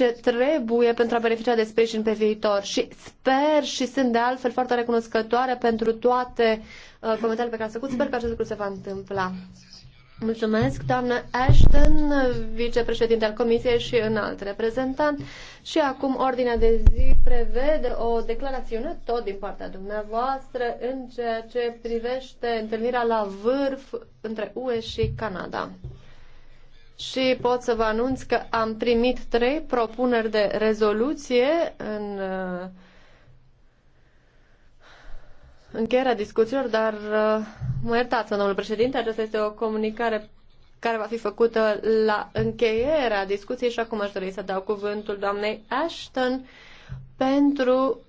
ce trebuie pentru a beneficia de sprijin pe viitor. Și sper și sunt de altfel foarte recunoscătoare pentru toate uh, comentariile pe care s-au făcut. Sper că acest lucru se va întâmpla. Mulțumesc, doamnă Ashton, vicepreședinte al Comisiei și alt reprezentant. Și acum ordinea de zi prevede o declarațiune tot din partea dumneavoastră în ceea ce privește întâlnirea la vârf între UE și Canada și pot să vă anunț că am primit trei propuneri de rezoluție în uh, încheierea discuțiilor, dar uh, mă iertați, domnul președinte, aceasta este o comunicare care va fi făcută la încheierea discuției și acum aș dori să dau cuvântul doamnei Ashton pentru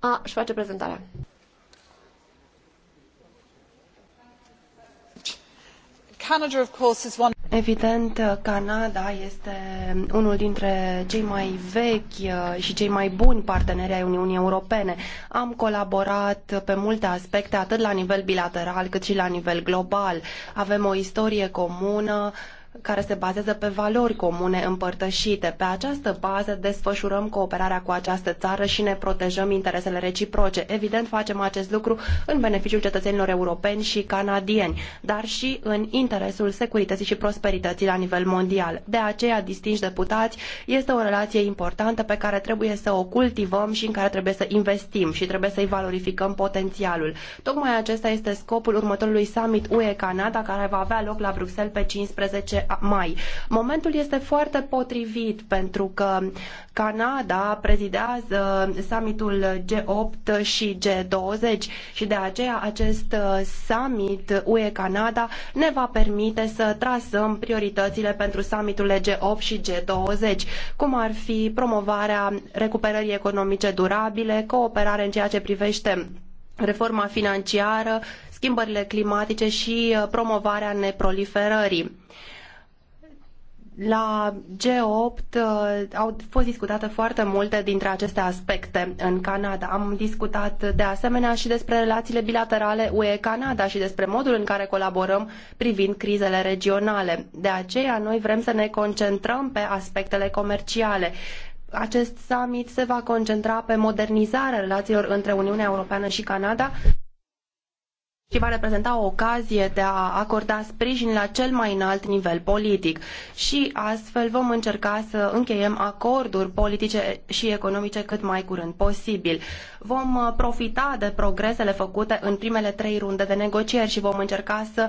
a-și face prezentarea. Evident, Canada este unul dintre cei mai vechi uh, și cei mai buni parteneri ai Uniunii Europene. Am colaborat pe multe aspecte, atât la nivel bilateral cât și la nivel global. Avem o istorie comună, care se bazează pe valori comune împărtășite. Pe această bază desfășurăm cooperarea cu această țară și ne protejăm interesele reciproce. Evident, facem acest lucru în beneficiul cetățenilor europeni și canadieni, dar și în interesul securității și prosperității la nivel mondial. De aceea, distinși deputați, este o relație importantă pe care trebuie să o cultivăm și în care trebuie să investim și trebuie să-i valorificăm potențialul. Tocmai acesta este scopul următorului summit UE-Canada care va avea loc la Bruxelles pe 15 mai. Momentul este foarte potrivit pentru că Canada prezidează summitul G8 și G20 și de aceea acest uh, summit UE-Canada ne va permite să trasăm prioritățile pentru summiturile G8 și G20, cum ar fi promovarea recuperării economice durabile, cooperare în ceea ce privește reforma financiară, schimbările climatice și uh, promovarea neproliferării. La G8 uh, au fost discutate foarte multe dintre aceste aspecte în Canada. Am discutat de asemenea și despre relațiile bilaterale UE-Canada și despre modul în care colaborăm privind crizele regionale. De aceea noi vrem să ne concentrăm pe aspectele comerciale. Acest summit se va concentra pe modernizarea relațiilor între Uniunea Europeană și Canada și va reprezenta o ocazie de a acorda sprijin la cel mai înalt nivel politic. Și astfel vom încerca să încheiem acorduri politice și economice cât mai curând posibil. Vom uh, profita de progresele făcute în primele trei runde de negocieri și vom încerca să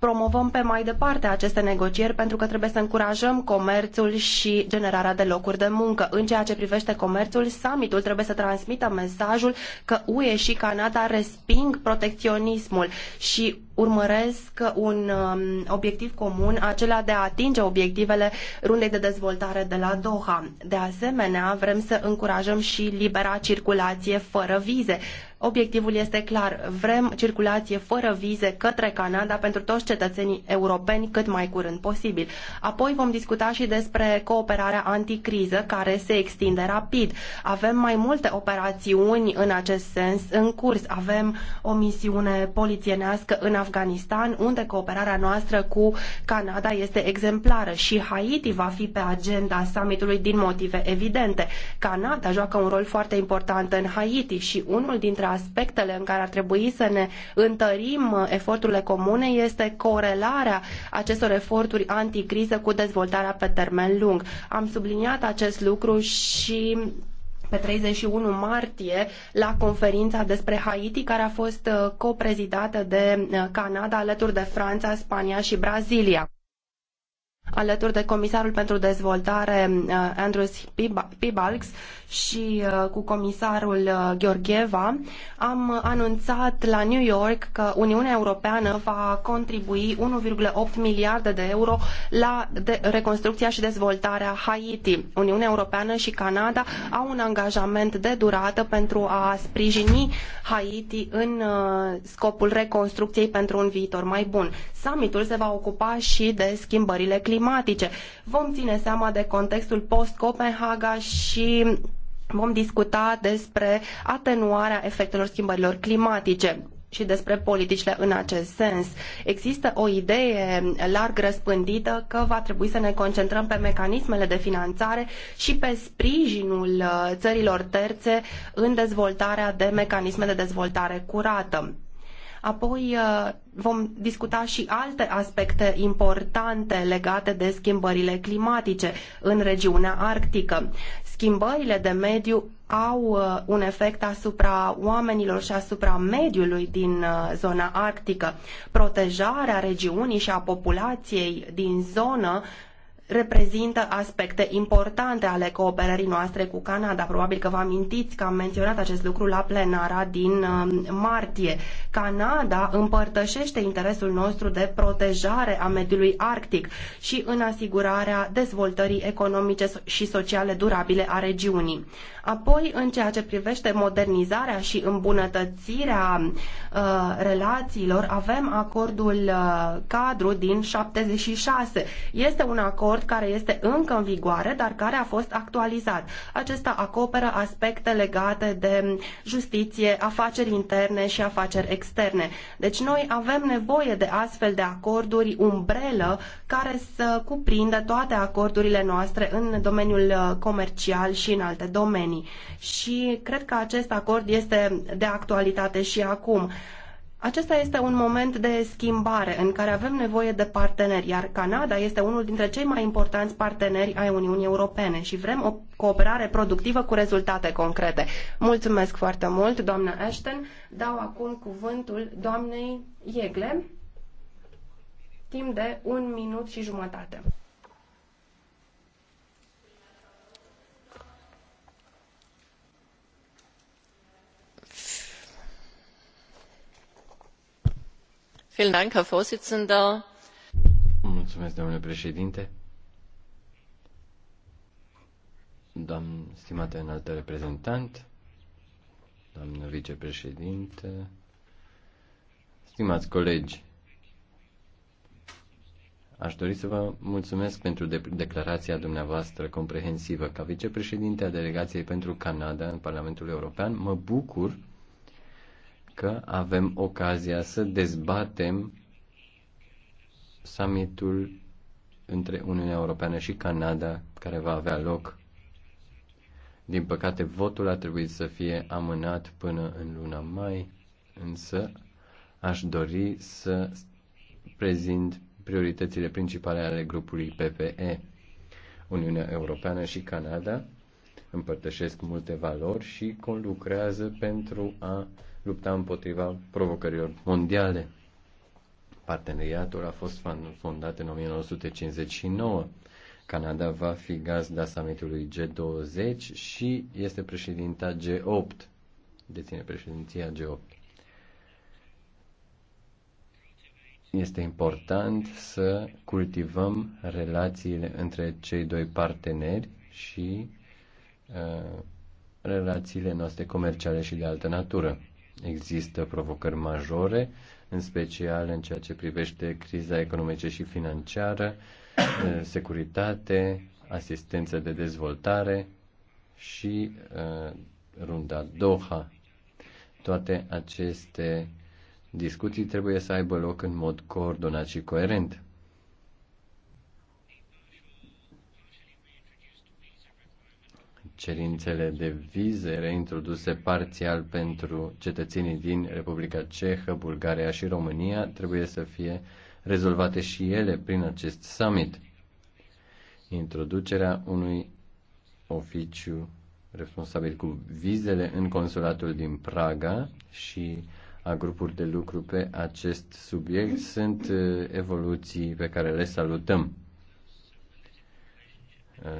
promovăm pe mai departe aceste negocieri pentru că trebuie să încurajăm comerțul și generarea de locuri de muncă. În ceea ce privește comerțul, summitul trebuie să transmită mesajul că UE și Canada resping protecționismul și urmăresc un um, obiectiv comun, acela de a atinge obiectivele rundei de dezvoltare de la Doha. De asemenea, vrem să încurajăm și libera circulație fără vize Obiectivul este clar. Vrem circulație fără vize către Canada pentru toți cetățenii europeni cât mai curând posibil. Apoi vom discuta și despre cooperarea anticriză care se extinde rapid. Avem mai multe operațiuni în acest sens în curs. Avem o misiune polițienească în Afganistan unde cooperarea noastră cu Canada este exemplară și Haiti va fi pe agenda summitului din motive evidente. Canada joacă un rol foarte important în Haiti și unul dintre aspectele în care ar trebui să ne întărim eforturile comune este corelarea acestor eforturi anticriză cu dezvoltarea pe termen lung. Am subliniat acest lucru și pe 31 martie la conferința despre Haiti, care a fost coprezidată de Canada alături de Franța, Spania și Brazilia alături de comisarul pentru dezvoltare eh, Andrus Pibalks și eh, cu comisarul eh, Gheorgheva, am anunțat la New York că Uniunea Europeană va contribui 1,8 miliarde de euro la reconstrucția și dezvoltarea Haiti. Uniunea Europeană și Canada au un angajament de durată pentru a sprijini Haiti în scopul reconstrucției pentru un viitor mai bun. Summitul se va ocupa și de schimbările climatice climatice. Vom ține seama de contextul post-Copenhaga și vom discuta despre atenuarea efectelor schimbărilor climatice și despre politicile în acest sens. Există o idee larg răspândită că va trebui să ne concentrăm pe mecanismele de finanțare și pe sprijinul uh, țărilor terțe în dezvoltarea de mecanisme de dezvoltare curată. Apoi uh, vom discuta și alte aspecte importante legate de schimbările climatice în regiunea arctică. Schimbările de mediu au uh, un efect asupra oamenilor și asupra mediului din uh, zona arctică. Protejarea regiunii și a populației din zonă reprezintă aspecte importante ale cooperării noastre cu Canada. Probabil că vă amintiți că am menționat acest lucru la plenara din martie. Canada împărtășește interesul nostru de protejare a mediului arctic și în asigurarea dezvoltării economice și sociale durabile a regiunii. Apoi, în ceea ce privește modernizarea și îmbunătățirea uh, relațiilor, avem acordul uh, cadru din 76. Este un acord care este încă în vigoare, dar care a fost actualizat. Acesta acoperă aspecte legate de justiție, afaceri interne și afaceri economice externe. Deci noi avem nevoie de astfel de acorduri umbrelă care să cuprindă toate acordurile noastre în domeniul uh, comercial și în alte domenii. Și cred că acest acord este de actualitate și acum. Acesta este un moment de schimbare în care avem nevoie de parteneri, iar Canada este unul dintre cei mai importanți parteneri ai Uniunii Europene și vrem o cooperare productivă cu rezultate concrete. Mulțumesc foarte mult, doamnă Ashton. Dau acum cuvântul doamnei Iegle timp de un minut și jumătate. Mulțumesc, domnule președinte. Doamnă, stimată înaltă reprezentant, doamnă vicepreședinte, stimați colegi, aș dori să vă mulțumesc pentru de- declarația dumneavoastră comprehensivă. Ca vicepreședinte a Delegației pentru Canada în Parlamentul European, mă bucur că avem ocazia să dezbatem summitul între Uniunea Europeană și Canada care va avea loc. Din păcate, votul a trebuit să fie amânat până în luna mai, însă aș dori să prezint prioritățile principale ale grupului PPE. Uniunea Europeană și Canada împărtășesc multe valori și conlucrează pentru a lupta împotriva provocărilor mondiale. Parteneriatul a fost fondat în 1959. Canada va fi gazda summitului G20 și este președinta G8. Deține președinția G8. Este important să cultivăm relațiile între cei doi parteneri și uh, relațiile noastre comerciale și de altă natură. Există provocări majore, în special în ceea ce privește criza economice și financiară, eh, securitate, asistență de dezvoltare și eh, runda Doha. Toate aceste discuții trebuie să aibă loc în mod coordonat și coerent. cerințele de vize reintroduse parțial pentru cetățenii din Republica Cehă, Bulgaria și România trebuie să fie rezolvate și ele prin acest summit. Introducerea unui oficiu responsabil cu vizele în consulatul din Praga și a grupuri de lucru pe acest subiect sunt uh, evoluții pe care le salutăm.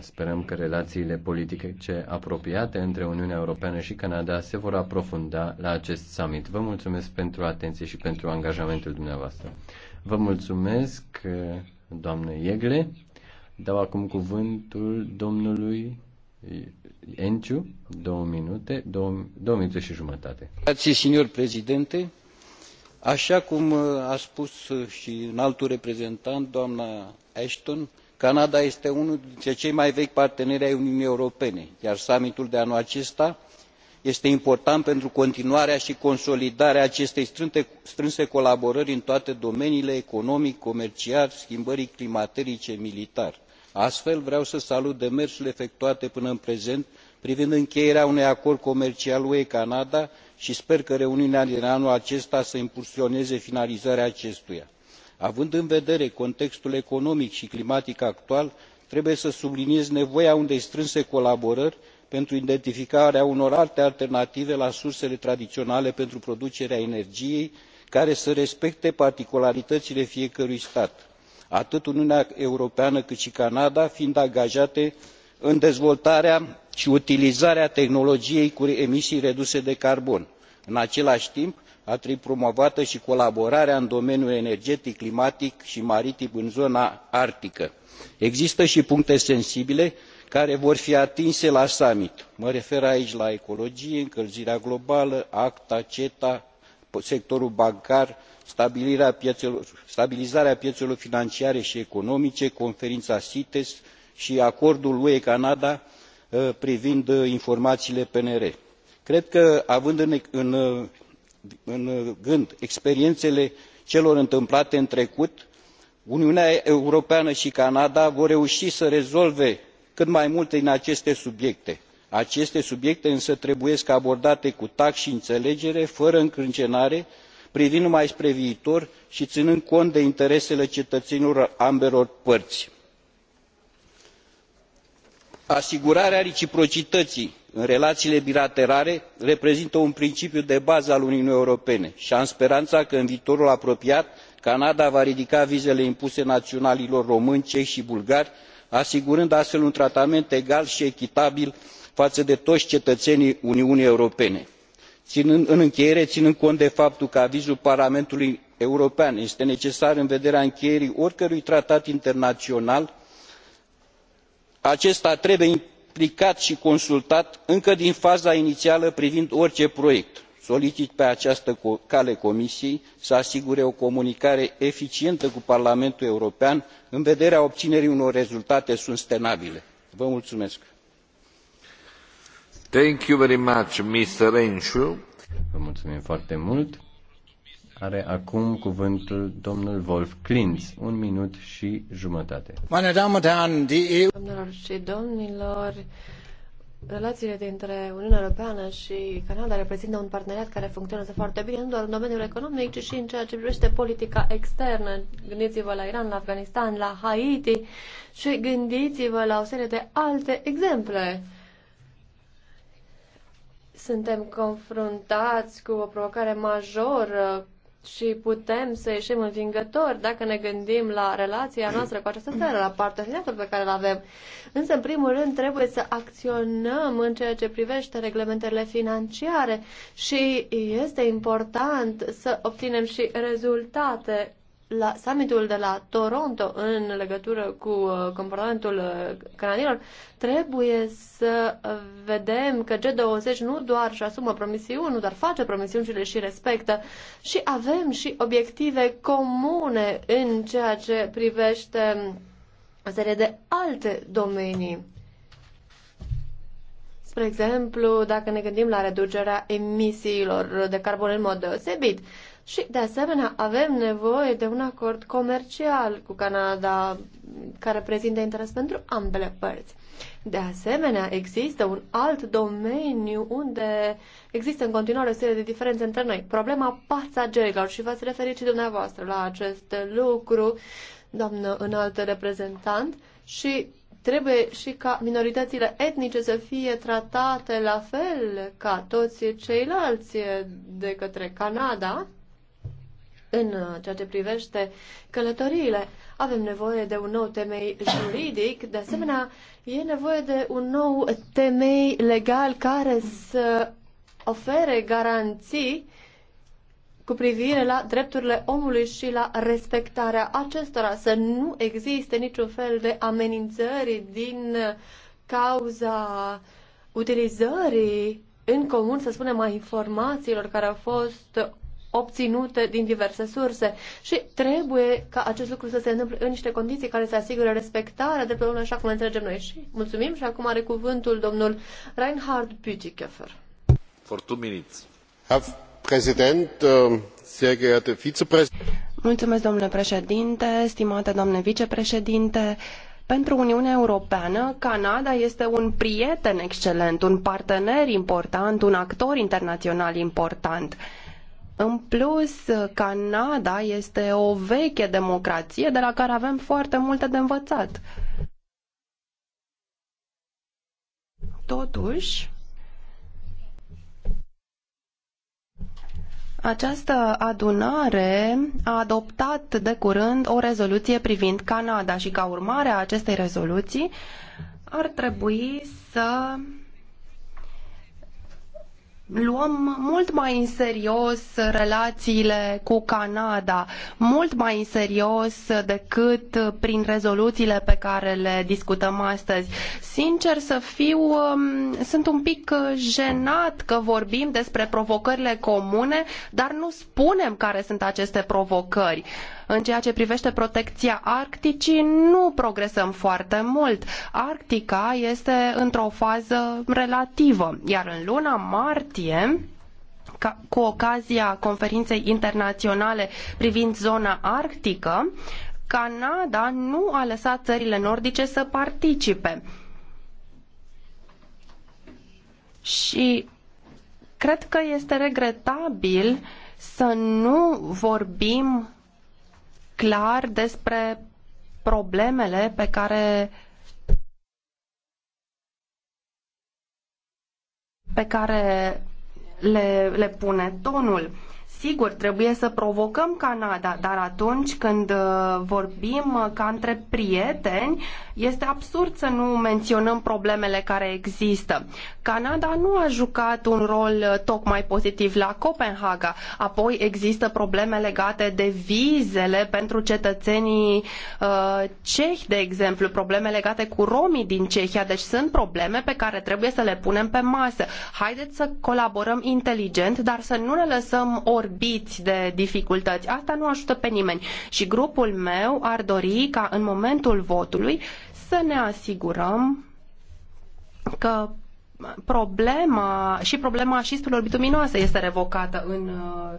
Sperăm că relațiile politice apropiate între Uniunea Europeană și Canada se vor aprofunda la acest summit. Vă mulțumesc pentru atenție și pentru angajamentul dumneavoastră. Vă mulțumesc, doamnă Iegle. Dau acum cuvântul domnului Enciu, două minute, două, două minute și jumătate. Grație, signor președinte. Așa cum a spus și un altul reprezentant, doamna Ashton, canada este unul dintre cei mai vechi parteneri ai uniunii europene iar summitul de anul acesta este important pentru continuarea i consolidarea acestei strânse colaborări în toate domeniile economic comercial schimbării climaterice militar. astfel vreau să salut demersurile efectuate până în prezent privind încheierea unui acord comercial ue canada i sper că reuniunea din anul acesta să impulsioneze finalizarea acestuia având în vedere contextul economic i climatic actual trebuie să subliniez nevoia unei strânse colaborări pentru identificarea unor alte alternative la sursele tradiionale pentru producerea energiei care să respecte particularităile fiecărui stat atât uniunea europeană cât i canada fiind angajate în dezvoltarea i utilizarea tehnologiei cu emisii reduse de carbon. în acelai timp ar trebui promovată i colaborarea în domeniul energetic climatic i maritim în zona arctică. există i puncte sensibile care vor fi atinse la summit mă refer aici la ecologie încălzirea globală acta ceta sectorul bancar stabilizarea pieelor financiare i economice conferina cites i acordul ue canada uh, privind uh, informaiile pnr. cred că având în uh, în gând experienele celor întâmplate în trecut uniunea europeană i canada vor reui să rezolve cât mai multe din aceste subiecte aceste subiecte însă trebuie abordate cu tact i înelegere fără încrâncenare privind numai spre viitor i inând cont de interesele cetăenilor ambelor pări. asigurarea reciprocităii în relaiile bilaterale reprezintă un principiu de bază al uniunii europene i am sperana că în viitorul apropiat canada va ridica vizele impuse naionalilor români cehi i bulgari asigurând astfel un tratament egal i echitabil faă de toi cetăenii uniunii europene. în încheiere inând cont de faptul că avizul parlamentului european este necesar în vederea încheierii oricărui tratat internaional acesta trebuie implicat i consultat încă din faza iniială privind orice proiect. solicit pe această cale comisiei să asigure o comunicare eficientă cu parlamentul european în vederea obinerii unor rezultate sustenabile. Vă mulțumesc. Vă mulțumim foarte mult. Are acum cuvântul domnul Wolf Klintz, un minut și jumătate. Domnilor și domnilor, Relațiile dintre Uniunea Europeană și Canada reprezintă un parteneriat care funcționează foarte bine, nu doar în domeniul economic, ci și în ceea ce privește politica externă. Gândiți-vă la Iran, la Afganistan, la Haiti și gândiți-vă la o serie de alte exemple. Suntem confruntați cu o provocare majoră și putem să ieșim învingători dacă ne gândim la relația noastră cu această țară, la parteneriatul pe care îl avem. Însă, în primul rând, trebuie să acționăm în ceea ce privește reglementările financiare și este important să obținem și rezultate la summitul de la Toronto în legătură cu uh, comportamentul uh, canadienilor, trebuie să uh, vedem că G20 nu doar își asumă promisiuni, nu doar face promisiuni, și le și respectă. Și avem și obiective comune în ceea ce privește um, o serie de alte domenii. Spre exemplu, dacă ne gândim la reducerea emisiilor de carbon în mod deosebit, și, de asemenea, avem nevoie de un acord comercial cu Canada care prezintă interes pentru ambele părți. De asemenea, există un alt domeniu unde există în continuare o serie de diferențe între noi. Problema pasagerilor și v-ați referit și dumneavoastră la acest lucru, doamnă înalt reprezentant, și trebuie și ca minoritățile etnice să fie tratate la fel ca toți ceilalți de către Canada în uh, ceea ce privește călătoriile, avem nevoie de un nou temei juridic, de asemenea, e nevoie de un nou temei legal care să ofere garanții cu privire la drepturile omului și la respectarea acestora, să nu existe niciun fel de amenințări din cauza utilizării în comun, să spunem, a informațiilor care au fost obținute din diverse surse și trebuie ca acest lucru să se întâmple în niște condiții care să asigure respectarea drepturilor așa cum înțelegem noi. Și mulțumim și acum are cuvântul domnul Reinhard Bütikofer. For two minutes. Herr Präsident, äh, sehr geehrte Vizepräsident. Mulțumesc, domnule președinte, stimate doamne vicepreședinte, pentru Uniunea Europeană, Canada este un prieten excelent, un partener important, un actor internațional important. În plus, Canada este o veche democrație de la care avem foarte multe de învățat. Totuși, Această adunare a adoptat de curând o rezoluție privind Canada și ca urmare a acestei rezoluții ar trebui să luăm mult mai în serios relațiile cu Canada, mult mai în serios decât prin rezoluțiile pe care le discutăm astăzi. Sincer să fiu, um, sunt un pic jenat că vorbim despre provocările comune, dar nu spunem care sunt aceste provocări. În ceea ce privește protecția Arcticii, nu progresăm foarte mult. Arctica este într-o fază relativă, iar în luna martie cu ocazia conferinței internaționale privind zona arctică, Canada nu a lăsat țările nordice să participe. Și cred că este regretabil să nu vorbim clar despre problemele pe care pe care le, le pune tonul. Sigur, trebuie să provocăm Canada, dar atunci când uh, vorbim ca între prieteni, este absurd să nu menționăm problemele care există. Canada nu a jucat un rol uh, tocmai pozitiv la Copenhaga. Apoi există probleme legate de vizele pentru cetățenii uh, cehi, de exemplu, probleme legate cu romii din Cehia. Deci sunt probleme pe care trebuie să le punem pe masă. Haideți să colaborăm inteligent, dar să nu ne lăsăm orbiți de dificultăți. Asta nu ajută pe nimeni. Și grupul meu ar dori ca în momentul votului să ne asigurăm că problema și problema șisturilor bituminoase este revocată în uh,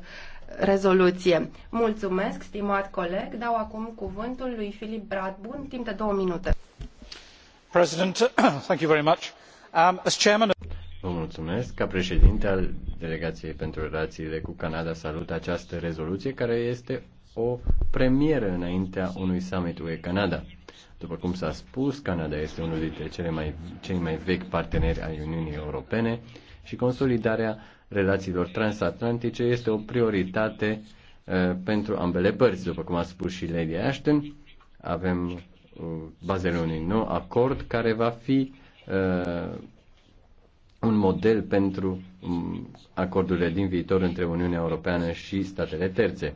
rezoluție. Mulțumesc, stimat coleg. Dau acum cuvântul lui Filip Bradbun timp de două minute. President, thank you very much. Um, as chairman... Vă mulțumesc. Ca președinte al Delegației pentru Relațiile cu Canada salut această rezoluție care este o premieră înaintea unui summit UE-Canada. După cum s-a spus, Canada este unul dintre cele mai, cei mai vechi parteneri ai Uniunii Europene și consolidarea relațiilor transatlantice este o prioritate uh, pentru ambele părți, după cum a spus și Lady Ashton. Avem uh, bazele unui nou acord care va fi uh, un model pentru um, acordurile din viitor între Uniunea Europeană și statele terțe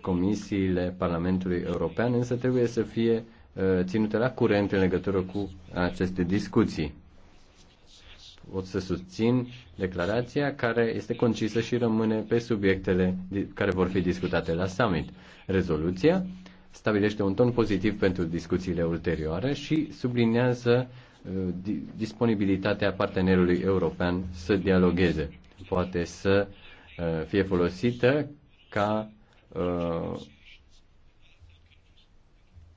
comisiile Parlamentului European, însă trebuie să fie uh, ținute la curent în legătură cu aceste discuții. Pot să susțin declarația care este concisă și rămâne pe subiectele care vor fi discutate la summit. Rezoluția stabilește un ton pozitiv pentru discuțiile ulterioare și sublinează uh, disponibilitatea partenerului european să dialogueze. Poate să uh, fie folosită ca uh,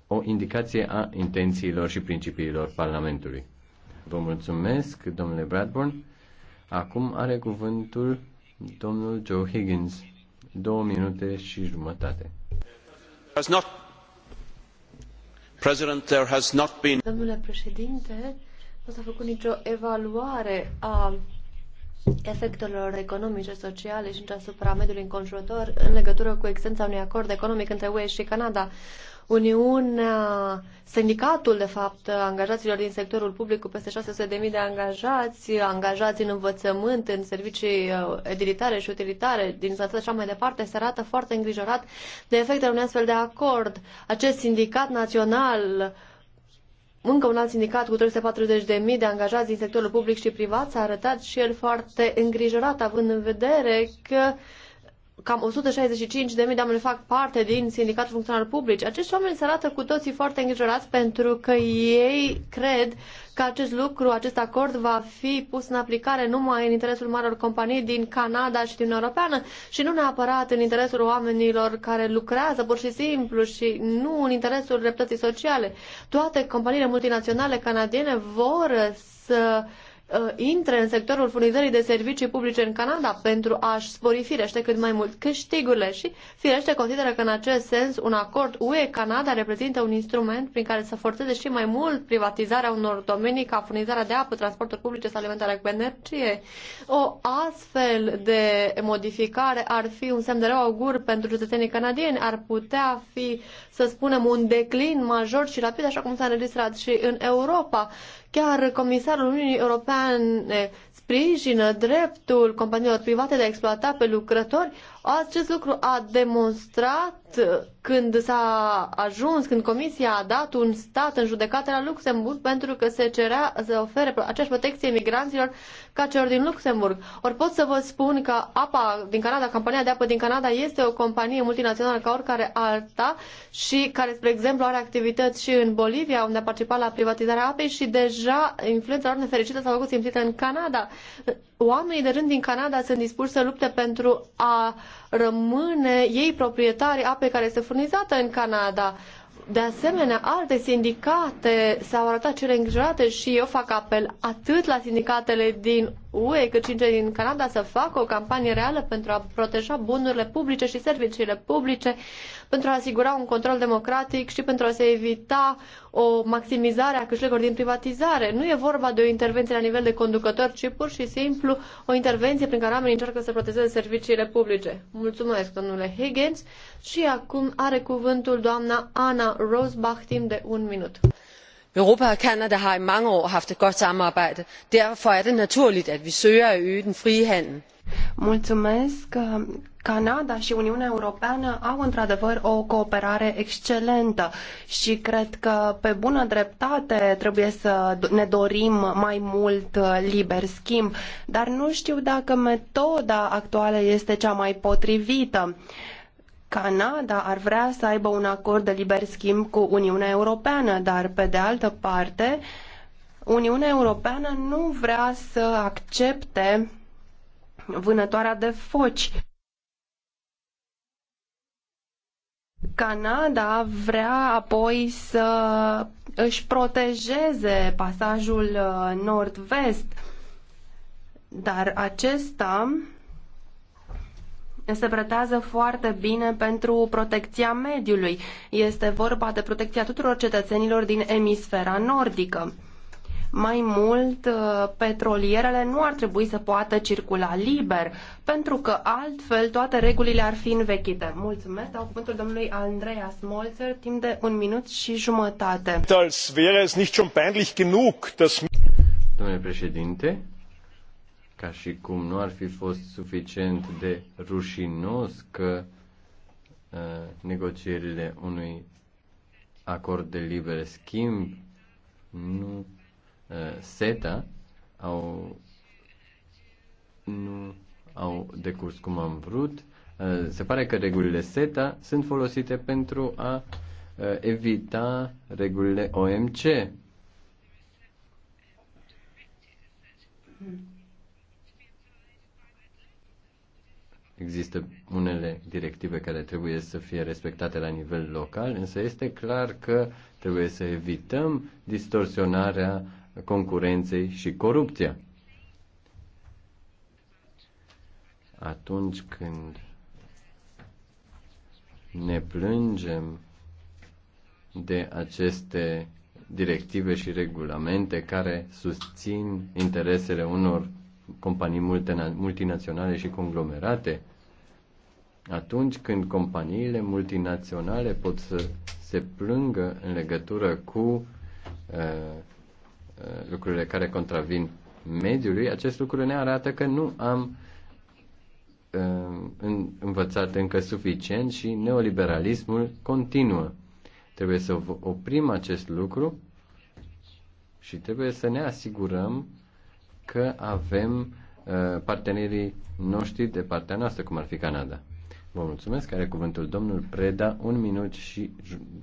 o indicație a intențiilor și principiilor Parlamentului. Vă mulțumesc, domnule Bradburn. Acum are cuvântul domnul Joe Higgins. Două minute și jumătate. Domnule președinte, nu s-a făcut nicio evaluare a efectelor economice, sociale și asupra mediului înconjurător în legătură cu existența unui acord economic între UE și Canada. Uniunea, sindicatul, de fapt, angajaților din sectorul public cu peste 600.000 de angajați, angajați în învățământ, în servicii uh, edilitare și utilitare, din sănătate și așa mai departe, se arată foarte îngrijorat de efectele unui astfel de acord. Acest sindicat național uh, încă un alt sindicat cu 340.000 de angajați din sectorul public și privat s-a arătat și el foarte îngrijorat, având în vedere că cam 165.000 de oameni fac parte din sindicatul funcționar public. Acești oameni se arată cu toții foarte îngrijorați pentru că ei cred că acest lucru, acest acord va fi pus în aplicare numai în interesul marilor companii din Canada și din Europeană și nu neapărat în interesul oamenilor care lucrează pur și simplu și nu în interesul dreptății sociale. Toate companiile multinaționale canadiene vor să Uh, intre în sectorul furnizării de servicii publice în Canada pentru a-și spori firește cât mai mult câștigurile și firește consideră că în acest sens un acord UE-Canada reprezintă un instrument prin care să forțeze și mai mult privatizarea unor domenii ca furnizarea de apă, transporturi publice sau alimentarea cu energie. O astfel de modificare ar fi un semn de rău augur pentru cetățenii canadieni, ar putea fi, să spunem, un declin major și rapid, așa cum s-a înregistrat și în Europa. Chiar comisarul Uniunii Europene Europeane sprijină dreptul companiilor private de a exploata pe lucrători, acest lucru a demonstrat când s-a ajuns, când Comisia a dat un stat în judecată la Luxemburg pentru că se cerea să ofere aceeași protecție migranților ca celor din Luxemburg. Ori pot să vă spun că apa din Canada, compania de apă din Canada este o companie multinațională ca oricare alta și care, spre exemplu, are activități și în Bolivia, unde a participat la privatizarea apei și deja influența lor nefericită s-a făcut simțită în Canada oamenii de rând din Canada sunt dispuși să lupte pentru a rămâne ei proprietari apei care este furnizată în Canada. De asemenea, alte sindicate s-au arătat cele îngrijorate și eu fac apel atât la sindicatele din UE, cât și cei din Canada să facă o campanie reală pentru a proteja bunurile publice și serviciile publice, pentru a asigura un control democratic și pentru a se evita o maximizare a câștigurilor din privatizare. Nu e vorba de o intervenție la nivel de conducător, ci pur și simplu o intervenție prin care oamenii încearcă să protejeze serviciile publice. Mulțumesc, domnule Higgins. Și acum are cuvântul doamna Ana Rosbach timp de un minut europa og canada har i mange år haft et godt samarbejde derfor er det naturligt at vi søger at øge den frie handel Mulțumesc! Canada și Uniunea Europeană au într-adevăr o cooperare excelentă și cred că pe bună dreptate trebuie să ne dorim mai mult uh, liber schimb, dar nu știu dacă metoda actuală este cea mai potrivită. Uh, Canada ar vrea să aibă un acord de liber schimb cu Uniunea Europeană, dar pe de altă parte Uniunea Europeană nu vrea să accepte vânătoarea de foci. Canada vrea apoi să își protejeze pasajul uh, nord-vest, dar acesta se pretează foarte bine pentru protecția mediului. Este vorba de protecția tuturor cetățenilor din emisfera nordică. Mai mult, uh, petrolierele nu ar trebui să poată circula liber, pentru că altfel toate regulile ar fi învechite. Mulțumesc, dau cuvântul domnului Andreas Smolzer timp de un minut și jumătate. Domnule președinte, ca și cum nu ar fi fost suficient de rușinos că uh, negocierile unui acord de liber schimb, nu uh, SETA, au, nu au decurs cum am vrut. Uh, se pare că regulile SETA sunt folosite pentru a uh, evita regulile OMC. Hmm. Există unele directive care trebuie să fie respectate la nivel local, însă este clar că trebuie să evităm distorsionarea concurenței și corupția. Atunci când ne plângem de aceste directive și regulamente care susțin interesele unor companii multinaționale și conglomerate, atunci când companiile multinaționale pot să se plângă în legătură cu uh, uh lucrurile care contravin mediului, acest lucru ne arată că nu am uh, învățat încă suficient și neoliberalismul continuă. Trebuie să oprim acest lucru și trebuie să ne asigurăm că avem uh, partenerii noștri de partea noastră, cum ar fi Canada. Vă mulțumesc. Are cuvântul domnul Preda, un minut și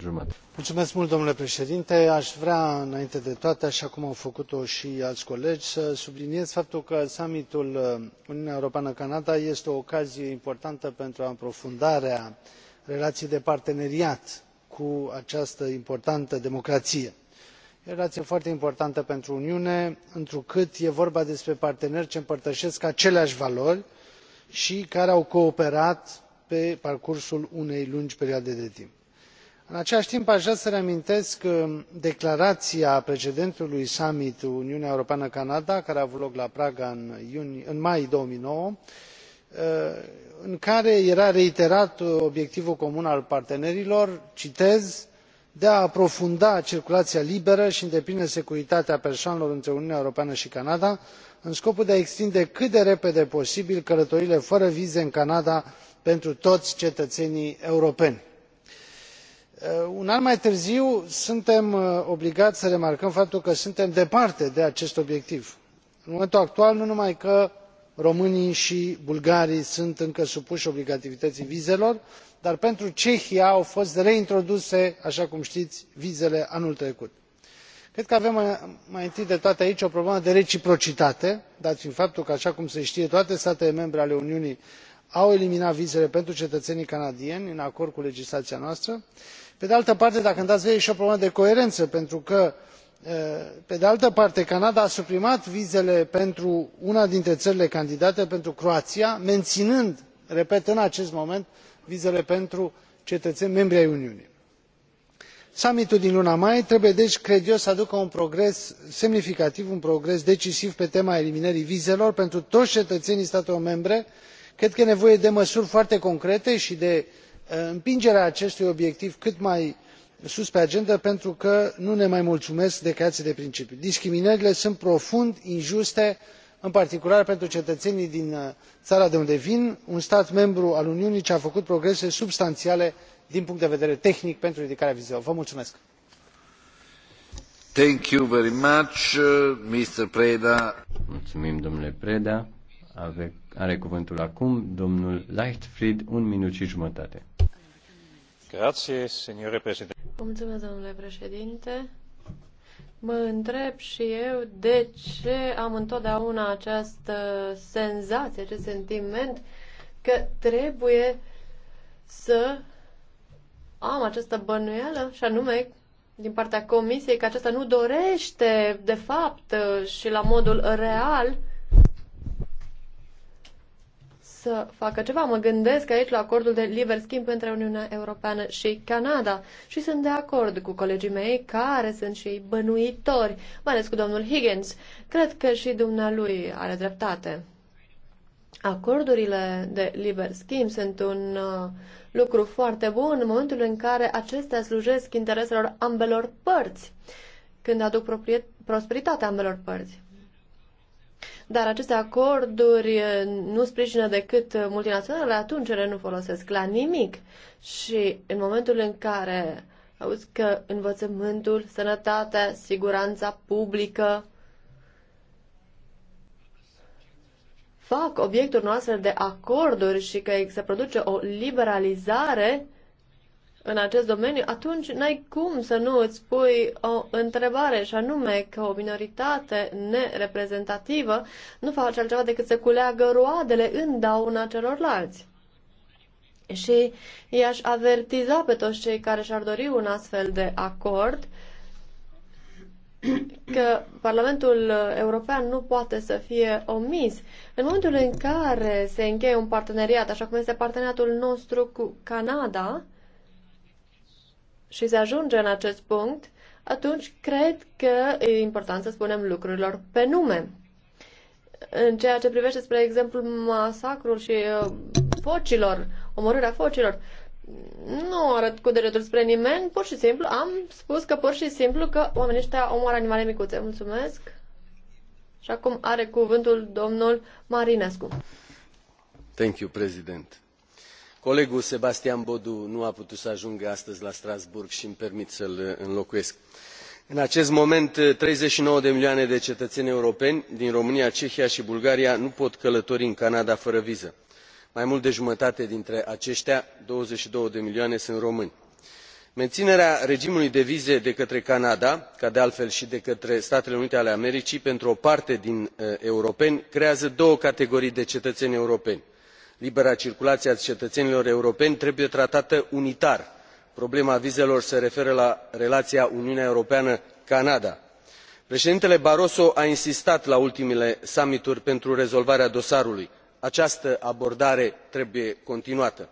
jumătate. Mulțumesc mult, domnule președinte. Aș vrea, înainte de toate, așa cum au făcut-o și alți colegi, să subliniez faptul că summitul uh, Uniunea Europeană-Canada este o ocazie importantă pentru aprofundarea relației de parteneriat cu această importantă democrație relație foarte importantă pentru uniune întrucât e vorba despre parteneri ce împărtășesc aceleași valori și care au cooperat pe parcursul unei lungi perioade de timp. în același timp aș vrea să reamintesc declarația precedentului summit uniunea europeană canada care a avut loc la praga în mai două mii nouă în care era reiterat obiectivul comun al partenerilor citez de a aprofunda circulația liberă și deplină securitatea persoanelor între uniunea europeană și canada în scopul de a extinde cât de repede posibil călătoriile fără vize în canada pentru toți cetățenii europeni. Uh, un an mai târziu suntem uh, obligați să remarcăm faptul că suntem departe de acest obiectiv. în momentul actual nu numai că românii i bulgarii sunt încă supui obligativităii vizelor dar pentru cehia au fost reintroduse aa cum tii vizele anul trecut. cred că avem mai întâi de toate aici o problemă de reciprocitate dat fiind faptul că aa cum se tie toate statele membre ale uniunii au eliminat vizele pentru cetăenii canadieni în acord cu legislaia noastră. pe de altă parte dacă îmi dai voie e i o problemă de coerenă pentru că Eh, pe de altă parte canada a suprimat vizele pentru una dintre ările candidate pentru croaia meninând repet în acest moment vizele pentru cetăeni membri ai uniunii. summitul din luna mai trebuie deci cred eu să aducă un progres semnificativ un progres decisiv pe tema eliminării vizelor pentru toi cetăenii statelor membre. cred că e nevoie de măsuri foarte concrete i de eh, împingerea acestui obiectiv cât mai sus pe agendă pentru că nu ne mai mulțumesc declarații de principiu. discriminările sunt profund injuste în particular pentru cetățenii din uh, țara de unde vin un stat membru al uniunii ce a făcut progrese substanțiale din punct de vedere tehnic pentru ridicarea vizelor. vă mulțumesc. Uh, Mulțumim, domnule Preda. are cuvântul acum domnul Leichtfried, un minut și jumătate. Mă întreb și eu de ce am întotdeauna această senzație, acest sentiment că trebuie să am această bănuială și anume din partea comisiei că aceasta nu dorește de fapt și la modul real să facă ceva. Mă gândesc aici la acordul de liber schimb între Uniunea Europeană și Canada și sunt de acord cu colegii mei care sunt și ei bănuitori, mai ales cu domnul Higgins. Cred că și dumnealui are dreptate. Acordurile de liber schimb sunt un uh, lucru foarte bun în momentul în care acestea slujesc intereselor ambelor părți, când aduc proprie prosperitatea ambelor părți dar aceste acorduri eh, nu sprijină decât multinaționale, atunci ele nu folosesc la nimic. Și în momentul în care auzi că învățământul, sănătatea, siguranța publică fac obiectul noastră de acorduri și că se produce o liberalizare, în acest domeniu, atunci n-ai cum să nu îți pui o întrebare, și anume că o minoritate nereprezentativă nu face altceva decât să culeagă roadele în dauna celorlalți. Și i-aș avertiza pe toți cei care și-ar dori un astfel de acord că Parlamentul European nu poate să fie omis. În momentul în care se încheie un parteneriat, așa cum este parteneriatul nostru cu Canada, și se ajunge în acest punct, atunci cred că e important să spunem lucrurilor pe nume. În ceea ce privește, spre exemplu, masacrul și uh, focilor, omorârea focilor, nu arăt cu degetul spre nimeni, pur și simplu am spus că pur și simplu că oamenii ăștia omoară animale micuțe. Mulțumesc! Și acum are cuvântul domnul Marinescu. Thank you, President colegul sebastian bodu nu a putut să ajungă astăzi la strasbourg i îmi permit să l înlocuiesc. în acest moment eh, treizeci și nouă de milioane de cetăeni europeni din românia cehia i bulgaria nu pot călători în canada fără viză. mai mult de jumătate dintre acetia douăzeci și doi de milioane sunt români. meninerea regimului de vize de către canada ca de altfel i de către statele unite ale americii pentru o parte din eh, europeni creează două categorii de cetăeni europeni libera circulaie a cetăenilor europeni trebuie tratată unitar problema vizelor se referă la relaia uniunea europeană canada. preedintele barroso a insistat la ultimele summituri pentru rezolvarea dosarului această abordare trebuie continuată.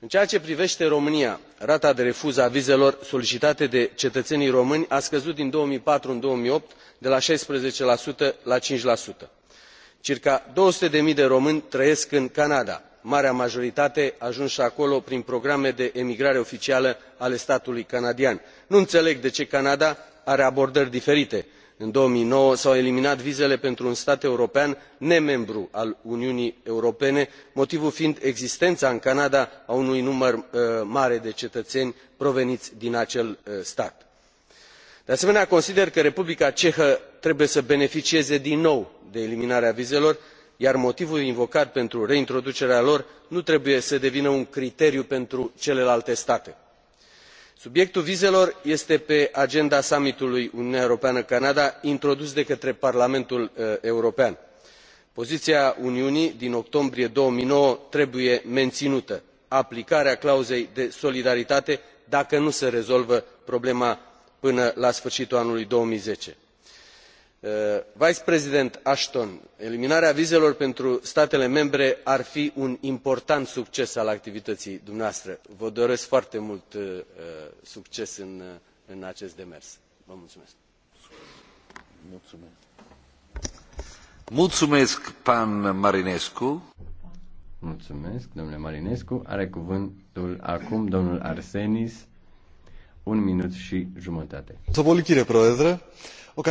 în ceea ce privete românia rata de refuz a vizelor solicitate de cetăenii români a scăzut din două mii patru în două mii opt de la șaisprezece la cinci circa două sute zero de români trăiesc în canada marea majoritate ajunși acolo prin programe de emigrare oficială ale statului canadian. nu înțeleg de ce canada are abordări diferite în două mii nouă s au eliminat vizele pentru un stat european nemembru al uniunii europene motivul fiind existența în canada a unui număr uh, mare de cetățeni proveniți din acel uh, stat de asemenea consider că republica cehă trebuie să beneficieze din nou de eliminarea vizelor iar motivul invocat pentru reintroducerea lor nu trebuie să devină un criteriu pentru celelalte state. subiectul vizelor este pe agenda summitului uniunea europeană canada introdus de către parlamentul uh, european. poziia uniunii din octombrie două mii nouă trebuie meninută aplicarea clauzei de solidaritate dacă nu se rezolvă problema până la sfâritul anului. două mii zece uh, vicepreedintă ashton eliminarea vizelor pentru statele membre ar fi un important succes al activităii dumneavoastră vă doresc foarte mult uh, uh, succes în acest demers. Mulțumesc, pan Marinescu. Mulțumesc, domnule Marinescu. Are cuvântul acum domnul Arsenis un minut și jumătate. Vă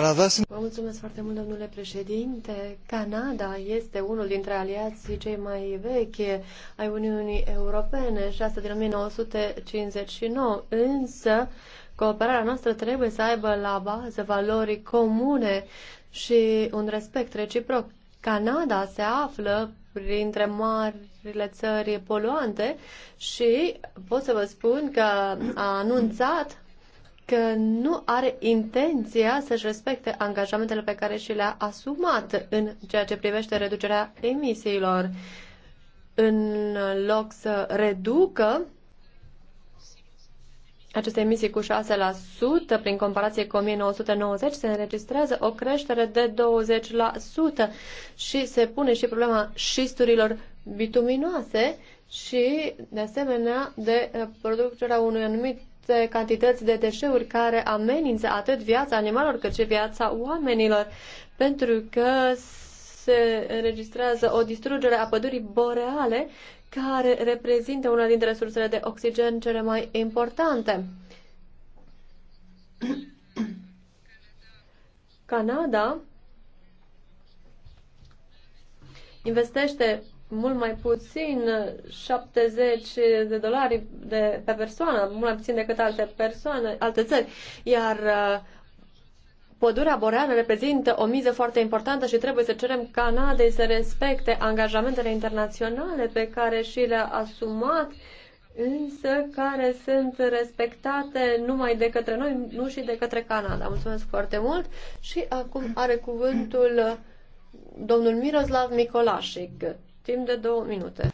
mulțumesc foarte mult, domnule președinte. Canada este unul dintre aliații cei mai vechi ai Uniunii Europene și asta din 1959. Însă, cooperarea noastră trebuie să aibă la bază valori comune și un respect reciproc. Canada se află printre marile țări poluante și pot să vă spun că a anunțat că nu are intenția să-și respecte angajamentele pe care și le-a asumat în ceea ce privește reducerea emisiilor. În loc să reducă aceste emisii cu 6%, prin comparație cu 1990, se înregistrează o creștere de 20% și se pune și problema șisturilor bituminoase și, de asemenea, de eh, producerea unui anumit eh, cantități de deșeuri care amenință atât viața animalelor cât și viața oamenilor, pentru că se înregistrează o distrugere a pădurii boreale care reprezintă una dintre resursele de oxigen cele mai importante. Canada investește mult mai puțin 70 de dolari de, pe persoană, mult mai puțin decât alte persoane, alte țări, iar uh, Pădurea boreală reprezintă o miză foarte importantă și trebuie să cerem Canadei să respecte angajamentele internaționale pe care și le-a asumat, însă care sunt respectate numai de către noi, nu și de către Canada. Mulțumesc foarte mult și acum are cuvântul domnul Miroslav Mikolașic, timp de două minute.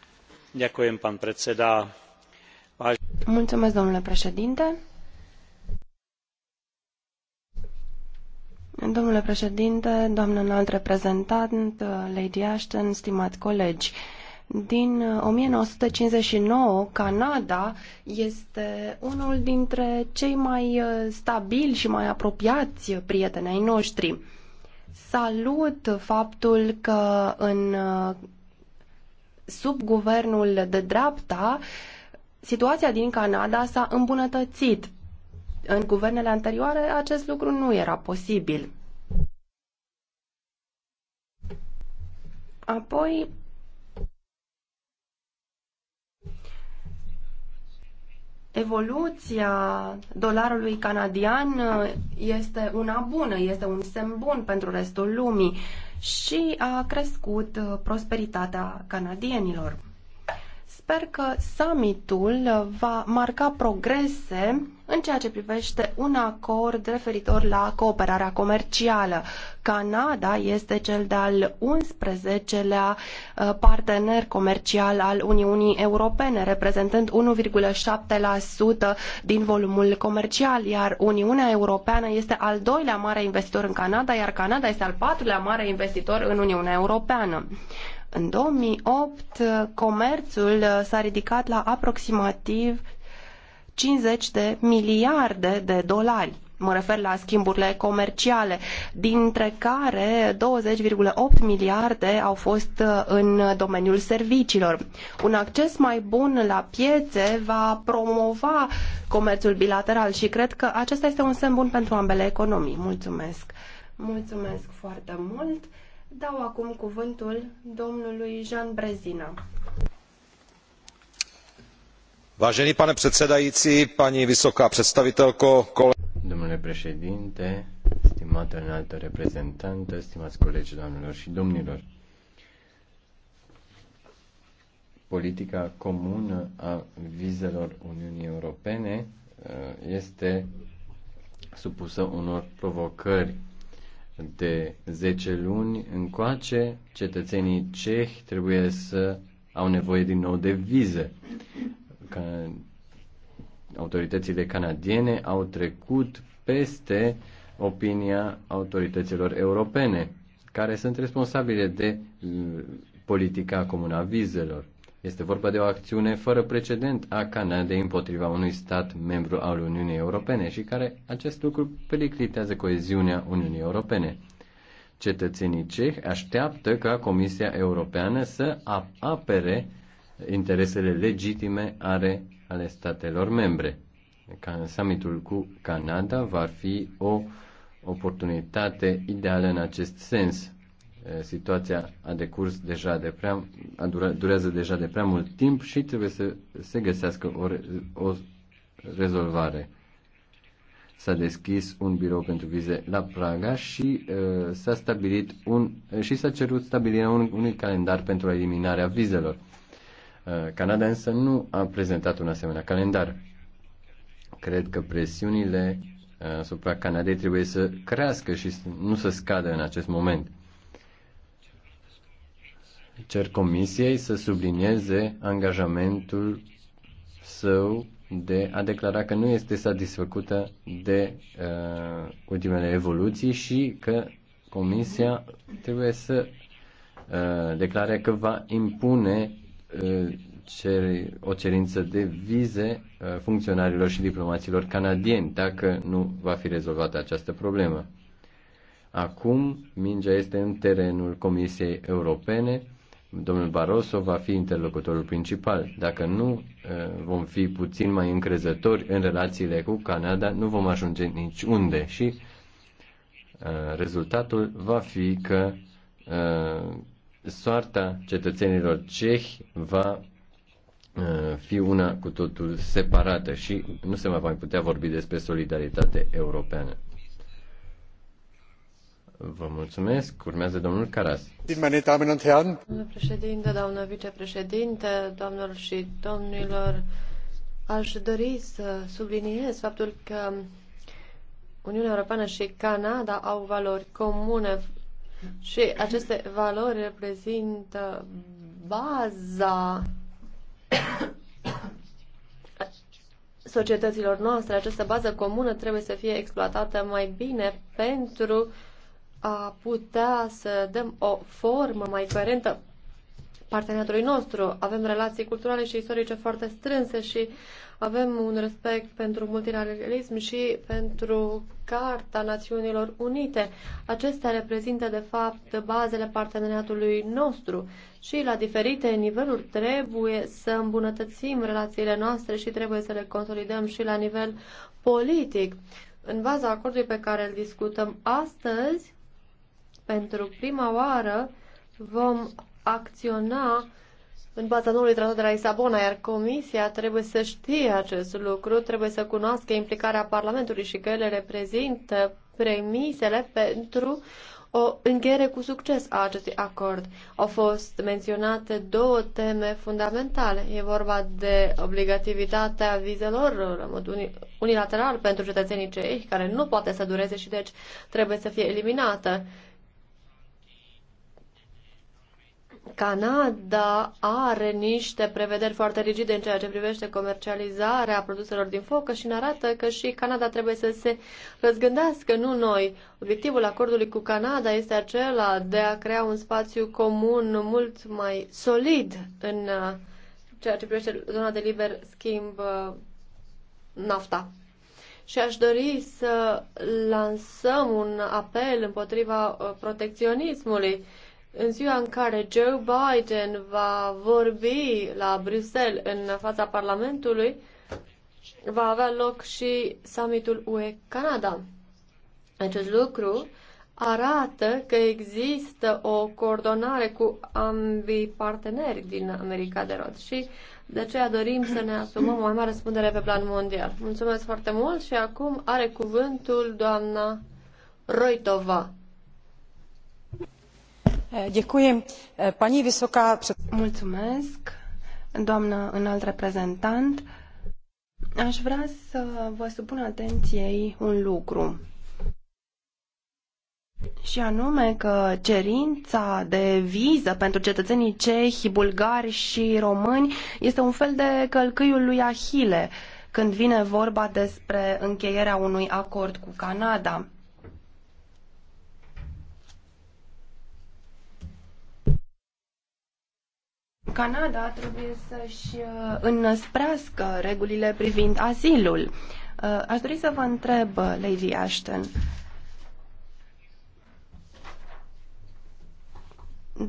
Mulțumesc, domnule președinte. Domnule președinte, doamnă înalt reprezentant, Lady Ashton, stimați colegi, din 1959, uh, Canada este unul dintre cei mai uh, stabili și mai apropiați prieteni ai noștri. Salut faptul că în uh, sub guvernul de dreapta, situația din Canada s-a îmbunătățit în guvernele anterioare acest lucru nu era posibil. Apoi, evoluția dolarului canadian este una bună, este un semn bun pentru restul lumii și a crescut prosperitatea canadienilor. Sper că summitul uh, va marca progrese în ceea ce privește un acord referitor la cooperarea comercială. Canada este cel de-al 11-lea uh, partener comercial al Uniunii Europene, reprezentând 1,7% din volumul comercial, iar Uniunea Europeană este al doilea mare investitor în Canada, iar Canada este al patrulea mare investitor în Uniunea Europeană. În 2008, comerțul s-a ridicat la aproximativ 50 de miliarde de dolari. Mă refer la schimburile comerciale, dintre care 20,8 miliarde au fost în domeniul serviciilor. Un acces mai bun la piețe va promova comerțul bilateral și cred că acesta este un semn bun pentru ambele economii. Mulțumesc! Mulțumesc foarte mult! Dau acum cuvântul domnului Jean Brezina. Vážený pane předsedající, paní vysoká představitelko, kole... Domnule președinte, stimată înaltă reprezentantă, stimați colegi, doamnelor și domnilor, politica comună a vizelor Uniunii Europene uh, este supusă unor provocări de 10 luni încoace, cetățenii cehi trebuie să au nevoie din nou de vize. Că autoritățile canadiene au trecut peste opinia autorităților europene, care sunt responsabile de uh, politica comună a vizelor. Este vorba de o acțiune fără precedent a Canadei împotriva unui stat membru al Uniunii Europene și care acest lucru periclitează coeziunea Uniunii Europene. Cetățenii cehi așteaptă ca Comisia Europeană să apere interesele legitime are ale statelor membre. Summitul cu Canada va fi o oportunitate ideală în acest sens situația a decurs deja de prea, a dura, durează deja de prea mult timp și trebuie să se găsească o, o rezolvare. S-a deschis un birou pentru vize la Praga și uh, s-a stabilit un și s-a cerut stabilirea un, unui calendar pentru eliminarea vizelor. Canada însă nu a prezentat un asemenea calendar. Cred că presiunile asupra Canadei trebuie să crească și să nu să scadă în acest moment Cer Comisiei să sublinieze angajamentul său de a declara că nu este satisfăcută de uh, ultimele evoluții și că Comisia trebuie să uh, declare că va impune uh, cer, o cerință de vize uh, funcționarilor și diplomaților canadieni dacă nu va fi rezolvată această problemă. Acum, mingea este în terenul Comisiei Europene domnul Barroso va fi interlocutorul principal. Dacă nu eh, vom fi puțin mai încrezători în relațiile cu Canada, nu vom ajunge niciunde și eh, rezultatul va fi că eh, soarta cetățenilor cehi va fi una cu totul separată și nu se va mai putea vorbi despre solidaritate europeană. Vă mulțumesc. Urmează domnul Caras. Domnule președinte, doamnă vicepreședinte, domnilor și domnilor, aș dori să subliniez faptul că Uniunea Europeană și Canada au valori comune și aceste valori reprezintă baza societăților noastre. Această bază comună trebuie să fie exploatată mai bine pentru a putea să dăm o formă mai coerentă parteneriatului nostru. Avem relații culturale și istorice foarte strânse și avem un respect pentru multilateralism și pentru Carta Națiunilor Unite. Acestea reprezintă, de fapt, bazele parteneriatului nostru și la diferite niveluri trebuie să îmbunătățim relațiile noastre și trebuie să le consolidăm și la nivel politic. În baza acordului pe care îl discutăm astăzi, pentru prima oară vom acționa în baza noului tratat de la Lisabona, iar Comisia trebuie să știe acest lucru, trebuie să cunoască implicarea Parlamentului și că ele reprezintă premisele pentru o încheiere cu succes a acestui acord. Au fost menționate două teme fundamentale. E vorba de obligativitatea vizelor în mod unilateral pentru cetățenii cei care nu poate să dureze și deci trebuie să fie eliminată. Canada are niște prevederi foarte rigide în ceea ce privește comercializarea produselor din focă și ne arată că și Canada trebuie să se răzgândească, nu noi. Obiectivul acordului cu Canada este acela de a crea un spațiu comun mult mai solid în uh, ceea ce privește zona de liber schimb uh, nafta. Și aș dori să lansăm un apel împotriva uh, protecționismului în ziua în care Joe Biden va vorbi la Bruxelles în fața Parlamentului, va avea loc și summitul UE-Canada. Acest lucru arată că există o coordonare cu ambii parteneri din America de Rod și de aceea dorim să ne asumăm o mai mare răspundere pe plan mondial. Mulțumesc foarte mult și acum are cuvântul doamna Roitova. Mulțumesc, doamnă înalt reprezentant. Aș vrea să vă supun atenției un lucru. Și anume că cerința de viză pentru cetățenii cehi, bulgari și români este un fel de călcâiul lui Ahile când vine vorba despre încheierea unui acord cu Canada. Canada trebuie să-și uh, înăsprească regulile privind azilul. Uh, aș dori să vă întreb, uh, Lady Ashton,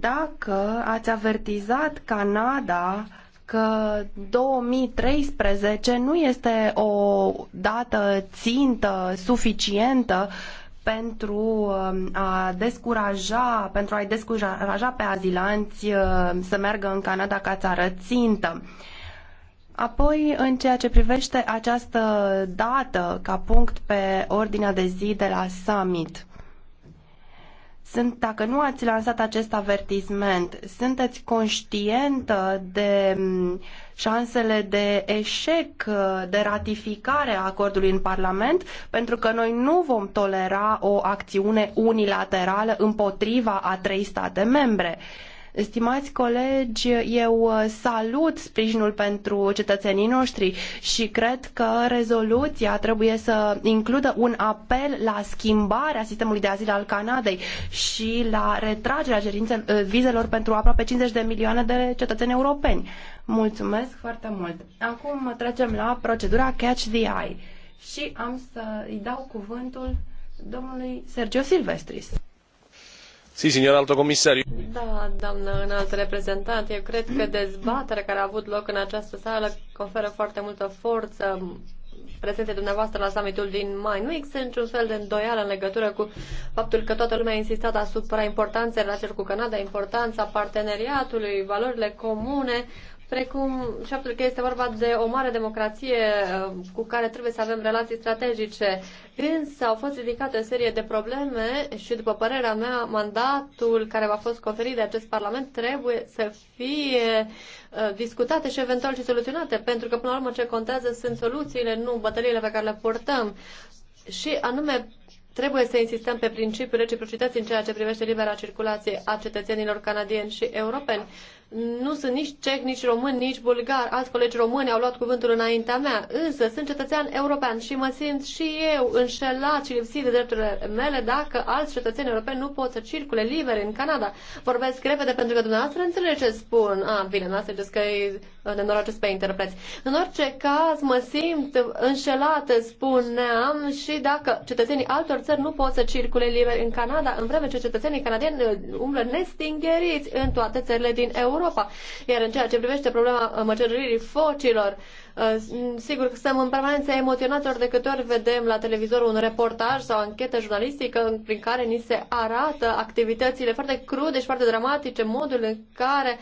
dacă ați avertizat Canada că 2013 nu este o dată țintă suficientă uh, pentru um, a descuraja, pentru a-i descuraja pe azilanți um, să meargă în Canada ca țară țintă. Apoi, în ceea ce privește această dată ca punct pe ordinea de zi de la summit, sunt, dacă nu ați lansat acest avertisment, sunteți conștientă de mm, șansele de eșec, de ratificare a acordului în Parlament, pentru că noi nu vom tolera o acțiune unilaterală împotriva a trei state membre. Uh, Stimați colegi, eu uh, salut sprijinul pentru cetățenii noștri și cred că rezoluția trebuie să includă un apel la schimbarea sistemului de azil al Canadei și la retragerea cerințelor uh, vizelor pentru aproape 50 de milioane de cetățeni europeni. Mulțumesc foarte mult. Acum trecem la procedura Catch the Eye și am să i dau cuvântul domnului Sergio Silvestris alto Da, doamnă înalt reprezentant, eu cred că dezbaterea care a avut loc în această sală conferă foarte multă forță prezenței dumneavoastră la summitul din mai. Nu există niciun fel de îndoială în legătură cu faptul că toată lumea a insistat asupra importanței relațiilor cu Canada, importanța parteneriatului, valorile comune, precum și faptul că este vorba de o mare democrație uh, cu care trebuie să avem relații strategice. Însă au fost ridicate o serie de probleme și, după părerea mea, mandatul care v-a fost conferit de acest Parlament trebuie să fie uh, discutate și eventual și soluționate, pentru că, până la urmă, ce contează sunt soluțiile, nu bătăliile pe care le purtăm. Și anume, Trebuie să insistăm pe principiul reciprocității în ceea ce privește libera circulație a cetățenilor canadieni și europeni nu sunt nici ceh, nici român, nici bulgar. Alți colegi români au luat cuvântul înaintea mea, însă sunt cetățean european și mă simt și eu înșelat și lipsit de drepturile mele dacă alți cetățeni europeni nu pot să circule liber în Canada. Vorbesc repede pentru că dumneavoastră înțelege ce spun. A, ah, bine, nu înțelegeți că e nenorocesc pe interpreți. În orice caz, mă simt înșelată, spuneam, și dacă cetățenii altor țări nu pot să circule liber în Canada, în vreme ce cetățenii canadieni uh, umblă nestingheriți în toate țările din Europa. Europa. Iar în ceea ce privește problema uh, măcelăririi focilor, uh, sigur că suntem în permanență emoționați ori de câte ori vedem la televizor un reportaj sau o anchetă jurnalistică prin care ni se arată activitățile foarte crude și foarte dramatice, modul în care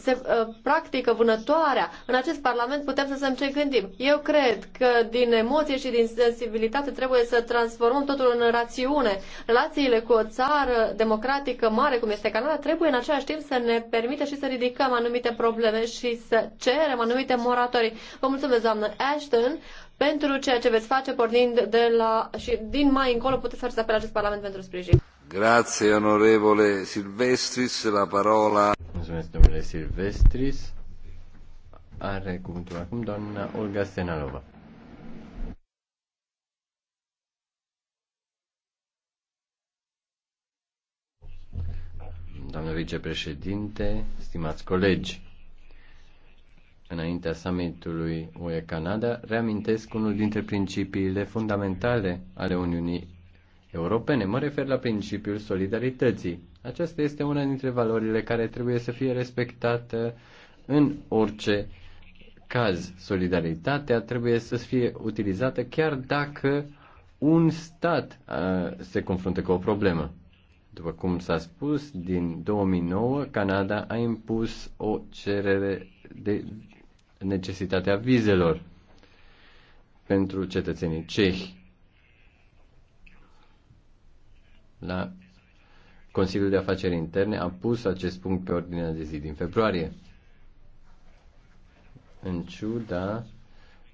se uh, practică vânătoarea. În acest Parlament putem să zicem ce gândim. Eu cred că din emoție și din sensibilitate trebuie să transformăm totul în rațiune. Relațiile cu o țară democratică mare, cum este Canada, trebuie în același timp să ne permită și să ridicăm anumite probleme și să cerem anumite moratorii. Vă mulțumesc, doamnă Ashton pentru ceea ce veți face pornind de la și din mai încolo puteți face apel acest Parlament pentru sprijin. Grazie onorevole Silvestris, la parola. Mulțumesc, domnule Silvestris. Are cuvântul acum doamna Olga Senalova. Doamna vicepreședinte, stimați colegi, înaintea summitului UE-Canada, reamintesc unul dintre principiile fundamentale ale Uniunii Europene. Mă refer la principiul solidarității, aceasta este una dintre valorile care trebuie să fie respectată în orice caz. Solidaritatea trebuie să fie utilizată chiar dacă un stat uh, se confruntă cu o problemă. După cum s-a spus, din 2009 Canada a impus o cerere de necesitatea vizelor pentru cetățenii cehi. La Consiliul de Afaceri Interne a pus acest punct pe ordinea de zi din februarie. În ciuda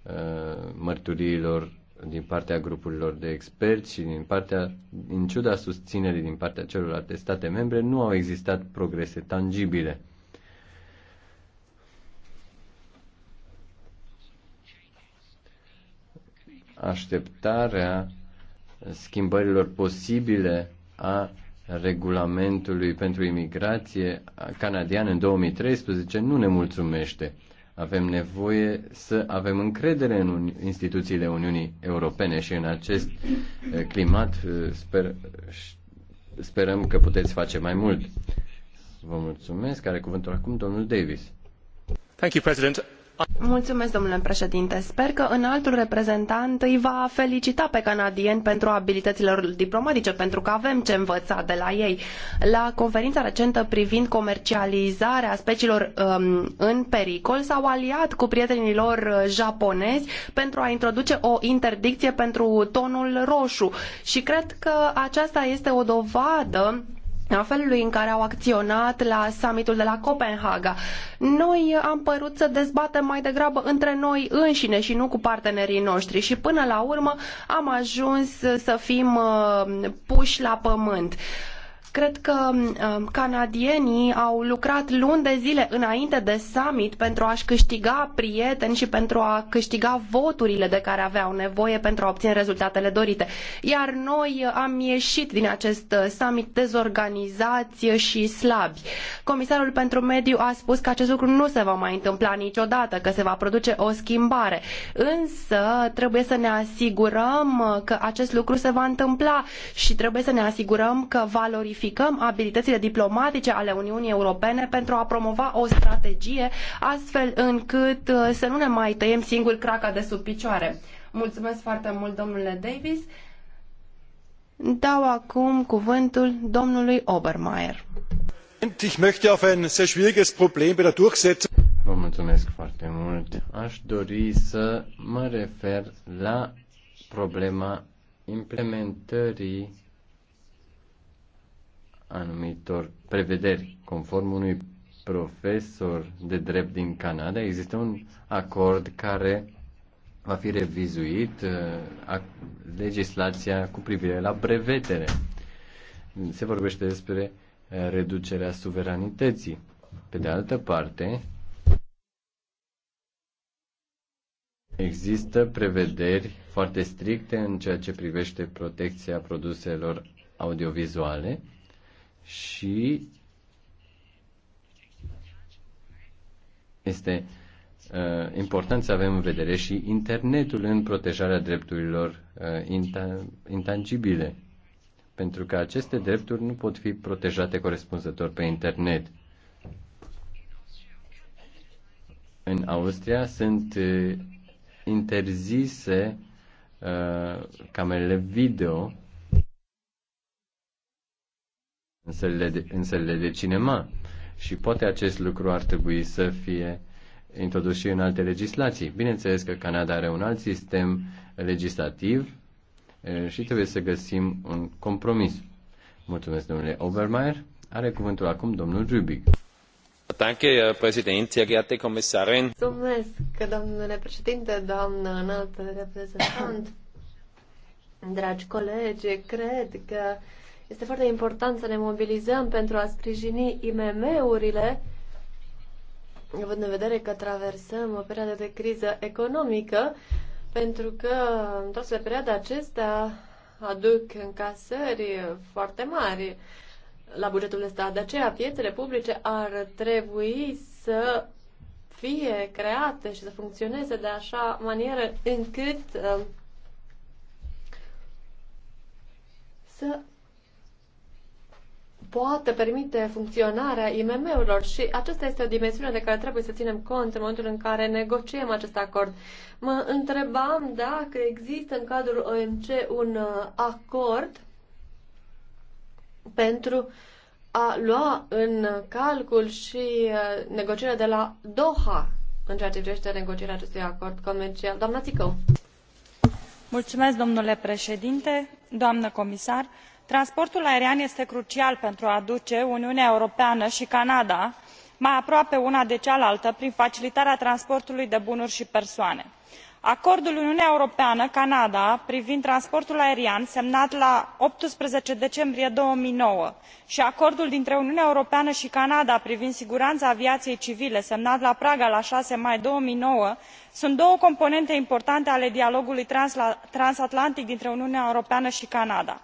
uh, mărturiilor din partea grupurilor de experți și din partea, în ciuda susținerii din partea celorlalte state membre, nu au existat progrese tangibile. Așteptarea schimbărilor posibile a regulamentului pentru imigrație canadian în 2013 nu ne mulțumește. Avem nevoie să avem încredere în instituțiile Uniunii Europene și în acest eh, climat eh, sper, sperăm că puteți face mai mult. Vă mulțumesc. Are cuvântul acum domnul Davis. Thank you, President. Mulțumesc, domnule președinte. Sper că în altul reprezentant îi va felicita pe canadieni pentru abilitățile lor diplomatice, pentru că avem ce învăța de la ei. La conferința recentă privind comercializarea speciilor um, în pericol, s-au aliat cu prietenii lor uh, japonezi pentru a introduce o interdicție pentru tonul roșu. Și cred că aceasta este o dovadă a felului în care au acționat la summitul de la Copenhaga. Noi am părut să dezbatem mai degrabă între noi înșine și nu cu partenerii noștri și până la urmă am ajuns să fim uh, puși la pământ. Cred că um, canadienii au lucrat luni de zile înainte de summit pentru a-și câștiga prieteni și pentru a câștiga voturile de care aveau nevoie pentru a obține rezultatele dorite. Iar noi am ieșit din acest uh, summit dezorganizați și slabi. Comisarul pentru Mediu a spus că acest lucru nu se va mai întâmpla niciodată, că se va produce o schimbare. Însă trebuie să ne asigurăm uh, că acest lucru se va întâmpla și trebuie să ne asigurăm că valorificăm valorificăm abilitățile diplomatice ale Uniunii Europene pentru a promova o strategie astfel încât uh, să nu ne mai tăiem singur craca de sub picioare. Mulțumesc foarte mult, domnule Davis. Dau acum cuvântul domnului Obermeier. Ich möchte auf ein sehr schwieriges Problem bei der Durchsetzung Vă mulțumesc foarte mult. Aș dori să mă refer la problema implementării anumitor prevederi. Conform unui profesor de drept din Canada, există un acord care va fi revizuit uh, legislația cu privire la brevetele. Se vorbește despre uh, reducerea suveranității. Pe de altă parte, există prevederi foarte stricte în ceea ce privește protecția produselor audiovizuale și este uh, important să avem în vedere și internetul în protejarea drepturilor uh, intangibile, pentru că aceste drepturi nu pot fi protejate corespunzător pe internet. În Austria sunt uh, interzise uh, camerele video în sălile de, în sălile de cinema. Și poate acest lucru ar trebui să fie introdus și în alte legislații. Bineînțeles că Canada are un alt sistem legislativ și trebuie să găsim un compromis. Mulțumesc, domnule Obermeier. Are cuvântul acum domnul Rubic. Danke, Präsident, sehr geehrte Kommissarin. Mulțumesc, domnule președinte, doamnă înaltă reprezentant. Dragi colegi, cred că este foarte important să ne mobilizăm pentru a sprijini IMM-urile, având în vedere că traversăm o perioadă de criză economică, pentru că în toate perioada acestea aduc încasări foarte mari la bugetul de stat. De aceea, piețele publice ar trebui să fie create și să funcționeze de așa manieră încât uh, să poate permite funcționarea IMM-urilor și aceasta este o dimensiune de care trebuie să ținem cont în momentul în care negociem acest acord. Mă întrebam dacă există în cadrul OMC un uh, acord pentru a lua în calcul și uh, negocierea de la Doha în ceea ce privește negocierea acestui acord comercial. Doamna Țicău. Mulțumesc, domnule președinte, doamnă comisar transportul aerian este crucial pentru a aduce uniunea europeană i canada mai aproape una de cealaltă prin facilitarea transportului de bunuri i persoane. acordul uniunea europeană canada privind transportul aerian semnat la optsprezece decembrie două mii nouă i acordul dintre uniunea europeană i canada privind sigurana aviaiei civile semnat la praga la șase mai două mii nouă sunt două componente importante ale dialogului transatlantic dintre uniunea europeană i canada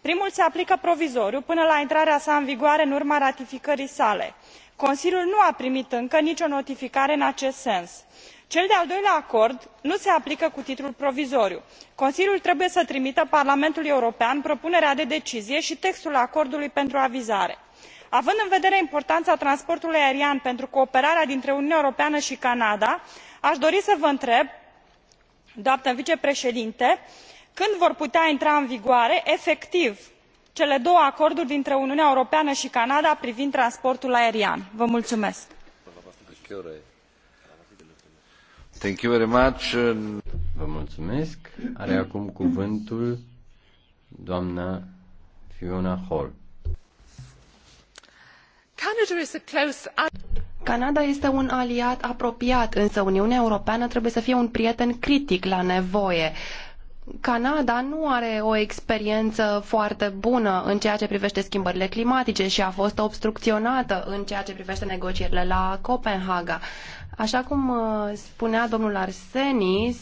primul se aplică provizoriu până la intrarea sa în vigoare în urma ratificării sale. consiliul nu a primit încă nicio notificare în acest sens. cel de al doilea acord nu se aplică cu titlul provizoriu consiliul trebuie să trimită parlamentului european propunerea de decizie i textul acordului pentru avizare. având în vedere importana transportului aerian pentru cooperarea dintre uniunea europeană i canada a dori să vă întreb doamnă vicepreedinte când vor putea intra în vigoare efectiv cele două acorduri dintre uniunea europeană i canada privind transportul aerian? vă mulumesc. Vă mulțumesc. Are acum cuvântul doamna Fiona Hall. Canada Canada este un aliat apropiat, însă Uniunea Europeană trebuie să fie un prieten critic la nevoie. Canada nu are o experiență foarte bună în ceea ce privește schimbările climatice și a fost obstrucționată în ceea ce privește negocierile la Copenhaga. Așa cum uh, spunea domnul Arsenis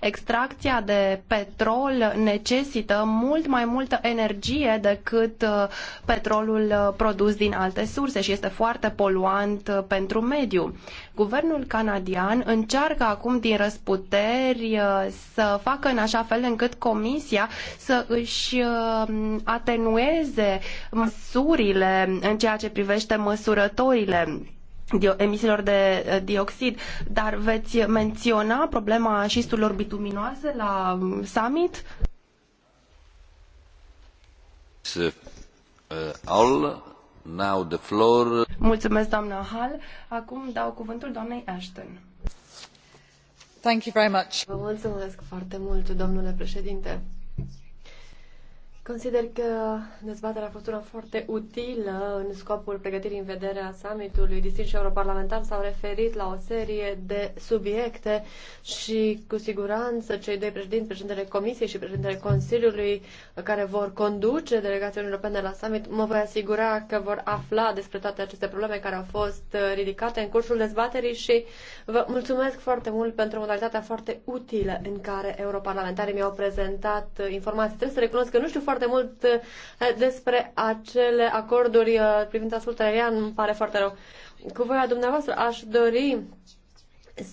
extracția de petrol necesită mult mai multă energie decât uh, petrolul uh, produs din alte surse și este foarte poluant uh, pentru mediu. Guvernul canadian încearcă acum din răsputeri să facă în așa fel încât Comisia să își atenueze măsurile în ceea ce privește măsurătorile emisiilor de eh, dioxid, dar veți menționa problema șisturilor bituminoase la mm, summit? Eh, All now the floor. Mulțumesc, doamna Hall. Acum dau cuvântul doamnei Ashton. Thank you very much. Vă mulțumesc foarte mult, domnule președinte. Consider că dezbaterea a fost una foarte utilă în scopul pregătirii în vederea summitului. Distinși europarlamentar s-au referit la o serie de subiecte și cu siguranță cei doi președinți, președintele Comisiei și președintele Consiliului care vor conduce delegația europene la summit, mă voi asigura că vor afla despre toate aceste probleme care au fost ridicate în cursul dezbaterii și vă mulțumesc foarte mult pentru modalitatea foarte utilă în care europarlamentarii mi-au prezentat informații. Trebuie să recunosc că nu știu foarte foarte mult eh, despre acele acorduri eh, privind ascultarea aerian. îmi pare foarte rău. Cu voia dumneavoastră aș dori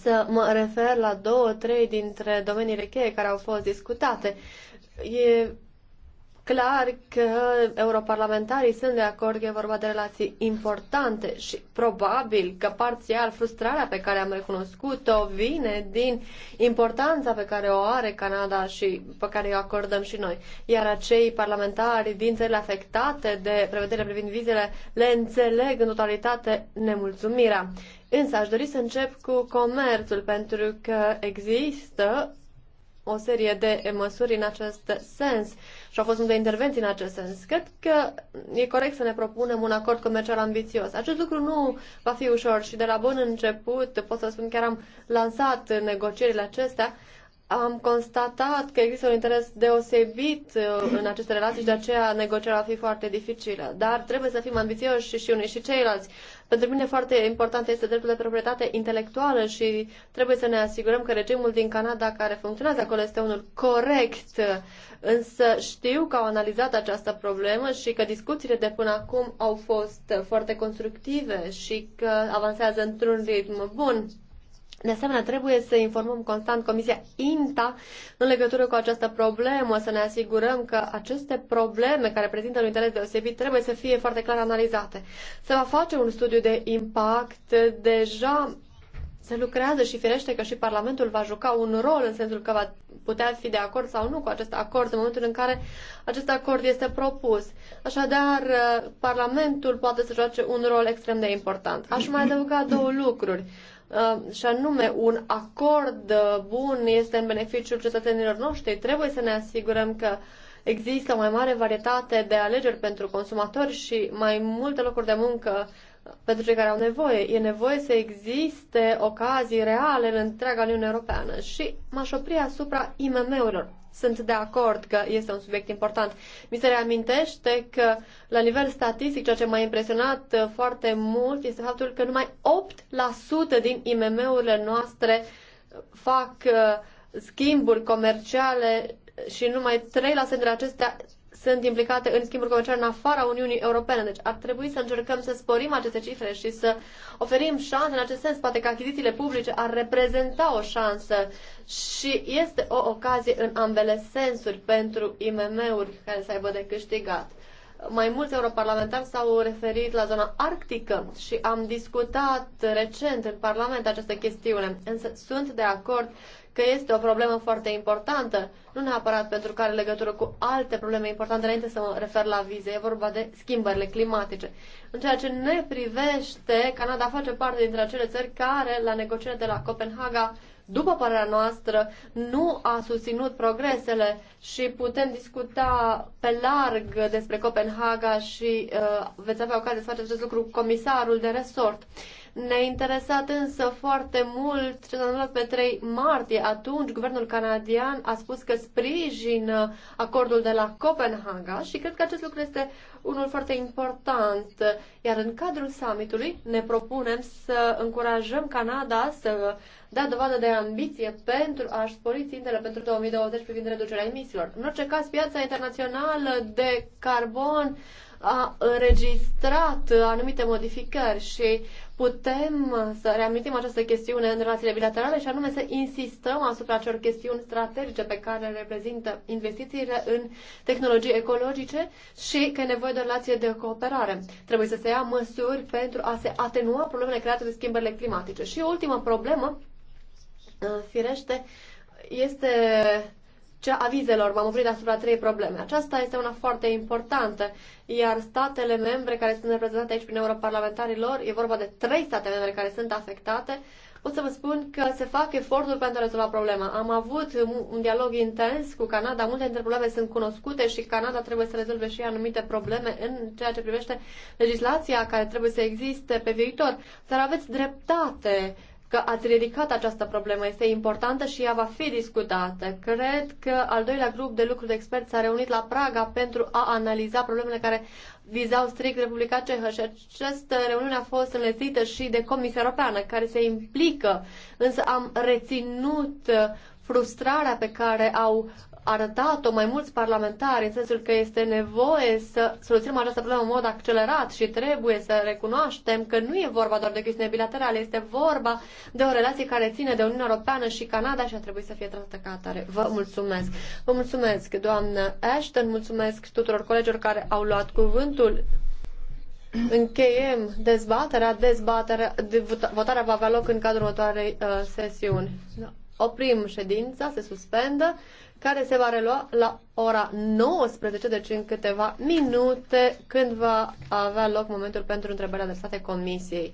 să mă refer la două, trei dintre domeniile cheie care au fost discutate. E clar că europarlamentarii sunt de acord că e vorba de relații importante și probabil că parțial frustrarea pe care am recunoscut-o vine din importanța pe care o are Canada și pe care o acordăm și noi. Iar acei parlamentari din țările afectate de prevederile privind vizele le înțeleg în totalitate nemulțumirea. Însă aș dori să încep cu comerțul, pentru că există o serie de măsuri în acest sens și au fost multe intervenții în acest sens. Cred că e corect să ne propunem un acord comercial ambițios. Acest lucru nu va fi ușor și de la bun început, pot să spun, chiar am lansat negocierile acestea, am constatat că există un interes deosebit uh, în aceste relații și de aceea negocierea va fi foarte dificilă. Dar trebuie să fim ambițioși și unii și ceilalți. Pentru mine foarte important este dreptul de proprietate intelectuală și trebuie să ne asigurăm că regimul din Canada care funcționează acolo este unul corect. Însă știu că au analizat această problemă și că discuțiile de până acum au fost foarte constructive și că avansează într-un ritm bun. De asemenea, trebuie să informăm constant Comisia INTA în legătură cu această problemă, să ne asigurăm că aceste probleme care prezintă un interes deosebit trebuie să fie foarte clar analizate. Se va face un studiu de impact deja se lucrează și firește că și Parlamentul va juca un rol în sensul că va putea fi de acord sau nu cu acest acord în momentul în care acest acord este propus. Așadar, Parlamentul poate să joace un rol extrem de important. Aș mai adăuga două lucruri. Ehm, și anume un acord eh, bun este în beneficiul cetățenilor noștri. Trebuie să ne asigurăm că există o mai mare varietate de alegeri pentru consumatori și mai multe locuri de muncă eh, pentru cei care au nevoie. E nevoie să existe ocazii reale în întreaga Uniune Europeană și m-aș opri asupra IMM-urilor sunt de acord că este un subiect important. Mi se reamintește că, la nivel statistic, ceea ce m-a impresionat uh, foarte mult este faptul că numai 8% din IMM-urile noastre uh, fac uh, schimburi comerciale și numai 3% dintre acestea sunt implicate în schimburi comerciale în afara Uniunii Europene. Deci ar trebui să încercăm să sporim aceste cifre și să oferim șanse în acest sens. Poate că achizițiile publice ar reprezenta o șansă și este o ocazie în ambele sensuri pentru IMM-uri care să aibă de câștigat mai mulți europarlamentari s-au referit la zona arctică și am discutat recent în Parlament această chestiune, însă sunt de acord că este o problemă foarte importantă, nu neapărat pentru că are legătură cu alte probleme importante, înainte să mă refer la vize, e vorba de schimbările climatice. În ceea ce ne privește, Canada face parte dintre acele țări care, la negocierile de la Copenhaga, după părerea noastră, nu a susținut progresele și putem discuta pe larg despre Copenhaga și uh, veți avea ocazia să faceți acest lucru cu comisarul de resort. Uh, ne-a interesat însă foarte mult ce s-a întâmplat pe 3 martie. Atunci, guvernul canadian a spus că sprijină acordul de la Copenhaga și cred că acest lucru este unul foarte important. Iar în cadrul summitului ne propunem să încurajăm Canada să dea dovadă de ambiție pentru a-și spori țintele pentru 2020 privind reducerea emisiilor. În orice caz, piața internațională de carbon a înregistrat anumite modificări și putem să reamintim această chestiune în relațiile bilaterale și anume să insistăm asupra acelor chestiuni strategice pe care reprezintă investițiile în tehnologii ecologice și că e nevoie de o relație de cooperare. Trebuie să se ia măsuri pentru a se atenua problemele create de schimbările climatice. Și ultima problemă, uh, firește, este cea a M-am oprit asupra trei probleme. Aceasta este una foarte importantă, iar statele membre care sunt reprezentate aici prin europarlamentarii lor, e vorba de trei state membre care sunt afectate, pot să vă spun că se fac eforturi pentru a rezolva problema. Am avut un dialog intens cu Canada, multe dintre probleme sunt cunoscute și Canada trebuie să rezolve și anumite probleme în ceea ce privește legislația care trebuie să existe pe viitor. Dar aveți dreptate că ați ridicat această problemă. Este importantă și ea va fi discutată. Cred că al doilea grup de lucru de experți s-a reunit la Praga pentru a analiza problemele care vizau strict Republica Cehă și această reuniune a fost înlețită și de Comisia Europeană, care se implică, însă am reținut frustrarea pe care au arătat-o mai mulți parlamentari, în sensul că este nevoie să soluționăm această problemă în mod accelerat și trebuie să recunoaștem că nu e vorba doar de chestiune bilaterale, este vorba de o relație care ține de Uniunea Europeană și Canada și a trebuit să fie tratată ca atare. Vă mulțumesc! Vă mulțumesc, doamnă Ashton, mulțumesc tuturor colegilor care au luat cuvântul. Încheiem dezbaterea. dezbaterea votarea va avea loc în cadrul următoarei uh, sesiuni. Oprim ședința, se suspendă care se va relua la ora 19, deci în câteva minute, când va avea loc momentul pentru întrebarea adresate Comisiei.